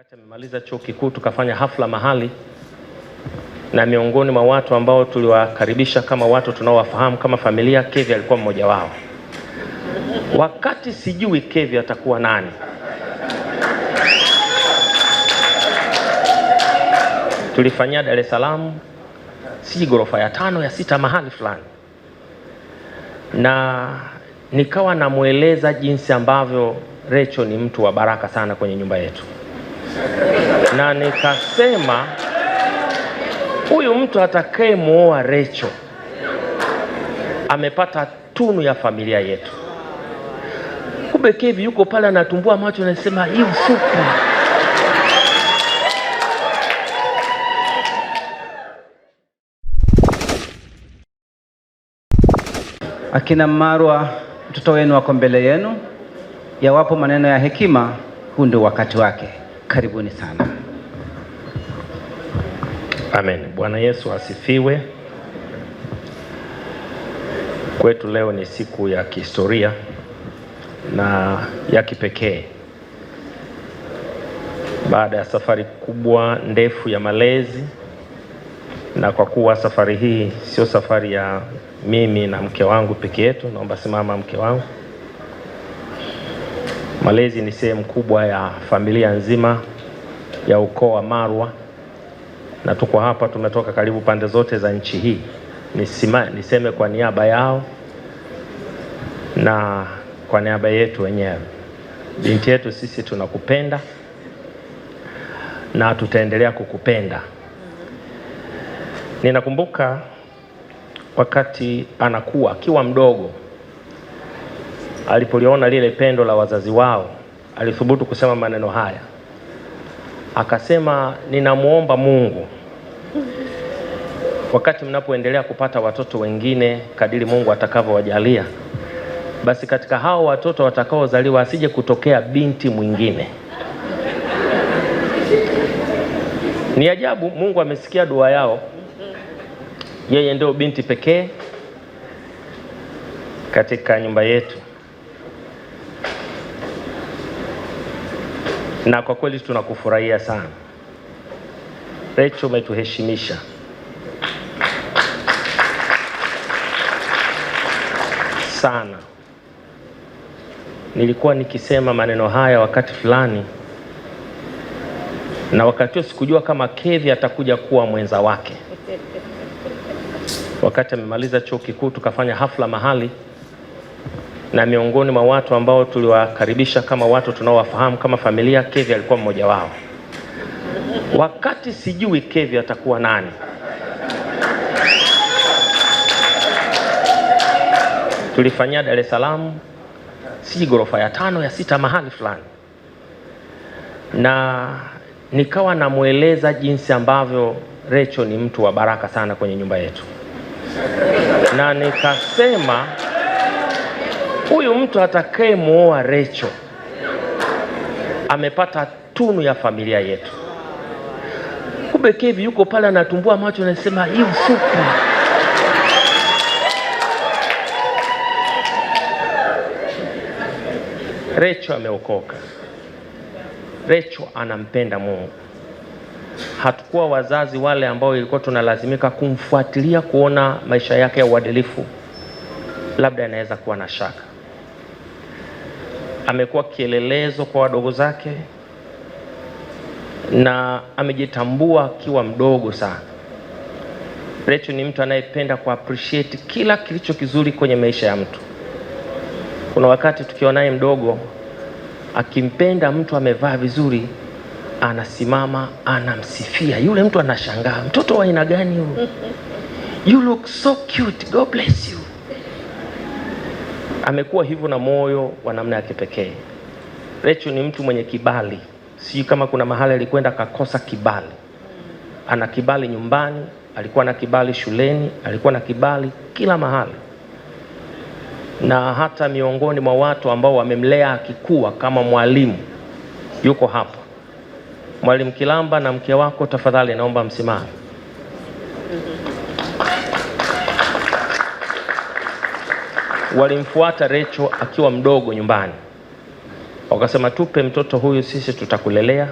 Wakati amemaliza chuo kikuu tukafanya hafla mahali, na miongoni mwa watu ambao tuliwakaribisha kama watu tunaowafahamu kama familia, Kevi alikuwa mmoja wao. Wakati sijui Kevi atakuwa nani, tulifanyia Dar es Salaam, si ghorofa ya tano ya sita mahali fulani, na nikawa namweleza jinsi ambavyo Recho ni mtu wa baraka sana kwenye nyumba yetu na nikasema huyu mtu atakayemwoa Recho amepata tunu ya familia yetu. Kumbe Kevi yuko pale anatumbua macho, anasema hii usupa Akina Marwa, mtoto wenu wako mbele yenu, yawapo maneno ya hekima, huu ndio wakati wake. Karibuni sana. Amen. Bwana Yesu asifiwe. Kwetu leo ni siku ya kihistoria na ya kipekee. Baada ya safari kubwa ndefu ya malezi, na kwa kuwa safari hii sio safari ya mimi na mke wangu peke yetu, naomba simama mke wangu. Malezi ni sehemu kubwa ya familia nzima ya ukoo wa Marwa, na tuko hapa, tumetoka karibu pande zote za nchi hii. Nisima, niseme kwa niaba yao na kwa niaba yetu wenyewe, binti yetu, sisi tunakupenda na tutaendelea kukupenda. Ninakumbuka wakati anakuwa akiwa mdogo Alipoliona lile pendo la wazazi wao, alithubutu kusema maneno haya, akasema, ninamwomba Mungu wakati mnapoendelea kupata watoto wengine kadiri Mungu atakavyowajalia, basi katika hao watoto watakaozaliwa asije kutokea binti mwingine. Ni ajabu, Mungu amesikia dua yao. Yeye ndio binti pekee katika nyumba yetu. na kwa kweli tunakufurahia sana Recho, umetuheshimisha. sana nilikuwa nikisema maneno haya wakati fulani, na wakati huo sikujua kama Kevi atakuja kuwa mwenza wake. Wakati amemaliza chuo kikuu tukafanya hafla mahali na miongoni mwa watu ambao tuliwakaribisha kama watu tunaowafahamu kama familia, Kevi alikuwa mmoja wao. Wakati sijui Kevi atakuwa nani, tulifanyia Dar es Salaam, si ghorofa ya tano ya sita mahali fulani, na nikawa namweleza jinsi ambavyo Recho ni mtu wa baraka sana kwenye nyumba yetu, na nikasema Huyu mtu atakayemwoa Recho amepata tunu ya familia yetu. Kumbe Kevi yuko pale anatumbua macho, anasema hii ufupi. Recho ameokoka, Recho anampenda Mungu. Hatukuwa wazazi wale ambao ilikuwa tunalazimika kumfuatilia kuona maisha yake ya uadilifu, labda anaweza kuwa na shaka amekuwa kielelezo kwa wadogo zake na amejitambua akiwa mdogo sana. Rachel ni mtu anayependa ku appreciate kila kilicho kizuri kwenye maisha ya mtu. Kuna wakati tukiwa naye mdogo, akimpenda mtu amevaa vizuri, anasimama anamsifia yule mtu, anashangaa mtoto wa aina gani huyu? You look so cute, God bless you amekuwa hivyo na moyo wa namna ya kipekee. Rachel ni mtu mwenye kibali, si kama kuna mahali alikwenda akakosa kibali. Ana kibali nyumbani, alikuwa na kibali shuleni, alikuwa na kibali kila mahali, na hata miongoni mwa watu ambao wamemlea akikua kama mwalimu yuko hapa. Mwalimu Kilamba na mke wako, tafadhali naomba msimame. walimfuata Recho akiwa mdogo nyumbani, wakasema tupe mtoto huyu, sisi tutakulelea.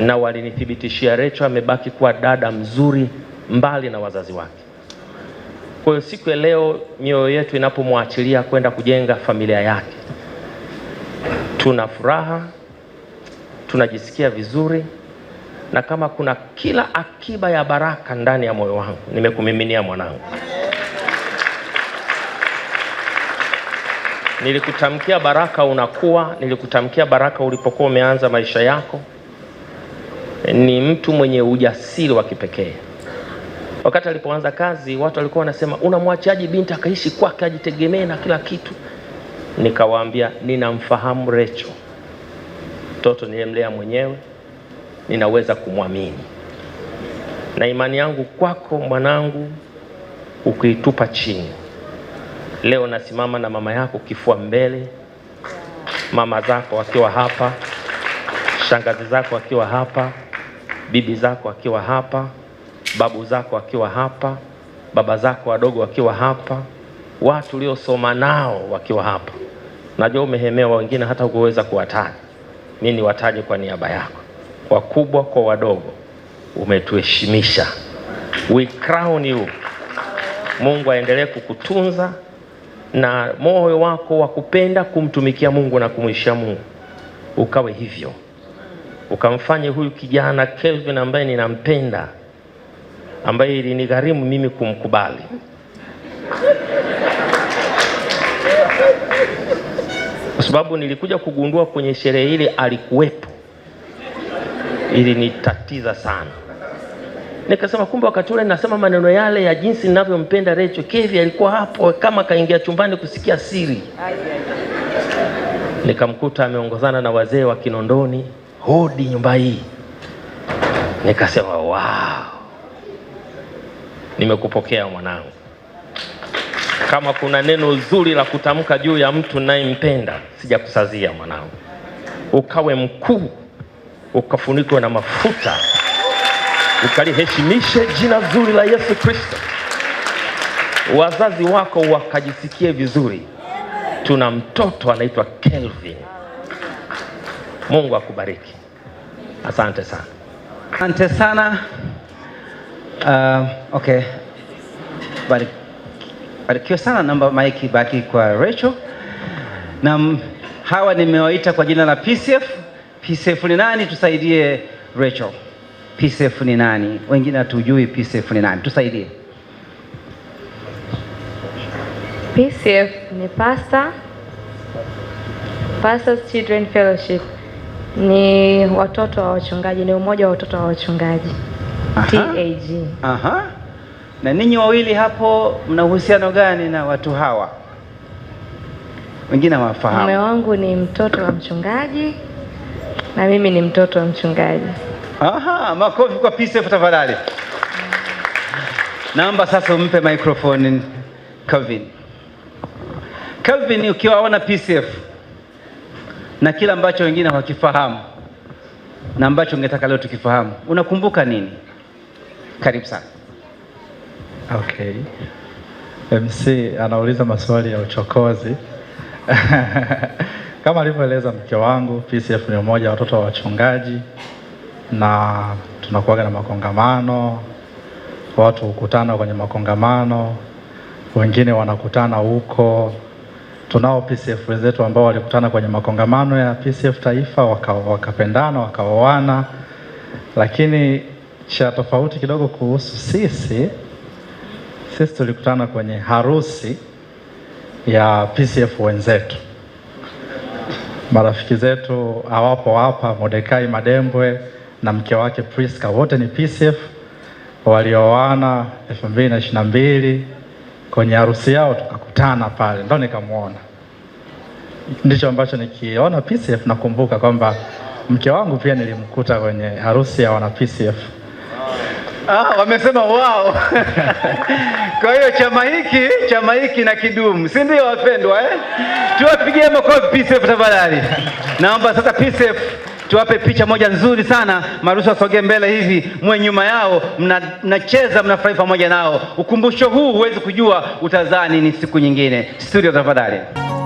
Na walinithibitishia Recho amebaki kuwa dada mzuri mbali na wazazi wake. Kwa hiyo siku ya leo mioyo yetu inapomwachilia kwenda kujenga familia yake, tuna furaha, tunajisikia vizuri, na kama kuna kila akiba ya baraka ndani ya moyo wangu, nimekumiminia mwanangu. Nilikutamkia baraka unakuwa, nilikutamkia baraka ulipokuwa umeanza maisha yako. Ni mtu mwenye ujasiri wa kipekee. Wakati alipoanza kazi, watu walikuwa wanasema unamwachiaje binti akaishi kwake ajitegemee na kila kitu? Nikawaambia ninamfahamu Recho, mtoto nilimlea mwenyewe, ninaweza kumwamini na imani yangu kwako mwanangu, ukuitupa chini Leo nasimama na mama yako kifua mbele, mama zako wakiwa hapa, shangazi zako wakiwa hapa, bibi zako wakiwa hapa, babu zako wakiwa hapa, baba zako wadogo wakiwa hapa, watu uliosoma nao wakiwa hapa. Najua umehemewa, wengine hata hukuweza kuwataja. Mimi niwataje kwa niaba yako, wakubwa kwa wadogo. Umetuheshimisha, we crown you. Mungu aendelee kukutunza na moyo wako wa kupenda kumtumikia Mungu na kumwisha Mungu ukawe hivyo, ukamfanye huyu kijana Kelvin ambaye ninampenda, ambaye ilinigharimu mimi kumkubali kwa sababu nilikuja kugundua kwenye sherehe ile alikuwepo, ilinitatiza sana. Nikasema kumbe wakati ule nasema maneno yale ya jinsi ninavyompenda Rachel, Kevi alikuwa hapo kama kaingia chumbani kusikia siri. Nikamkuta ameongozana na wazee wa Kinondoni, hodi nyumba hii. Nikasema wow, nimekupokea mwanangu. Kama kuna neno zuri la kutamka juu ya mtu ninayempenda, sijakusazia mwanangu, ukawe mkuu, ukafunikwa na mafuta ukaliheshimishe jina zuri la Yesu Kristo, wazazi wako wakajisikie vizuri. Tuna mtoto anaitwa Kelvin. Mungu akubariki, asante sana, asante sana. Uh, okay, barikiwa sana. Namba maiki baki kwa Rachel na hawa nimewaita kwa jina la PCF. PCF ni nani? Tusaidie Rachel. PCF ni nani? Wengine hatujui PCF ni nani, tusaidie. PCF ni pasta Pastors Children Fellowship ni watoto wa wachungaji, ni umoja wa watoto wa wachungaji TAG. Aha. Na ninyi wawili hapo mna uhusiano gani na watu hawa? Wengine hawafahamu. Mume wangu ni mtoto wa mchungaji na mimi ni mtoto wa mchungaji. Aha, makofi kwa PCF tafadhali. Naomba sasa umpe microphone Calvin. Calvin, ukiwaona PCF na kila ambacho wengine hawakifahamu na ambacho ungetaka leo tukifahamu, unakumbuka nini? Karibu sana. Okay. MC anauliza maswali ya uchokozi kama alivyoeleza mke wangu, PCF ni mmoja watoto wa wachungaji na tunakuwaga na makongamano, watu hukutana kwenye makongamano, wengine wanakutana huko. Tunao PCF wenzetu ambao walikutana kwenye makongamano ya PCF taifa wakapendana, waka wakaoana, lakini cha tofauti kidogo kuhusu sisi, sisi tulikutana kwenye harusi ya PCF wenzetu. Marafiki zetu hawapo hapa, Modekai Madembwe na mke wake Priska, wote ni PCF walioana 2022 kwenye harusi yao tukakutana pale, ndo nikamwona. Ndicho ambacho nikiona PCF nakumbuka kwamba mke wangu pia nilimkuta kwenye harusi ya wana PCF. Ah, wamesema wao. Kwa hiyo chama hiki chama hiki na kidumu, si ndio wapendwa eh? Tuwapigie makofi PCF tafadhali. Naomba sasa PCF Tuwape picha moja nzuri sana. Maruhusu wasogee mbele hivi, mwe nyuma yao, mnacheza mna mnafurahi pamoja nao. Ukumbusho huu huwezi kujua utazaa nini siku nyingine. Studio tafadhali.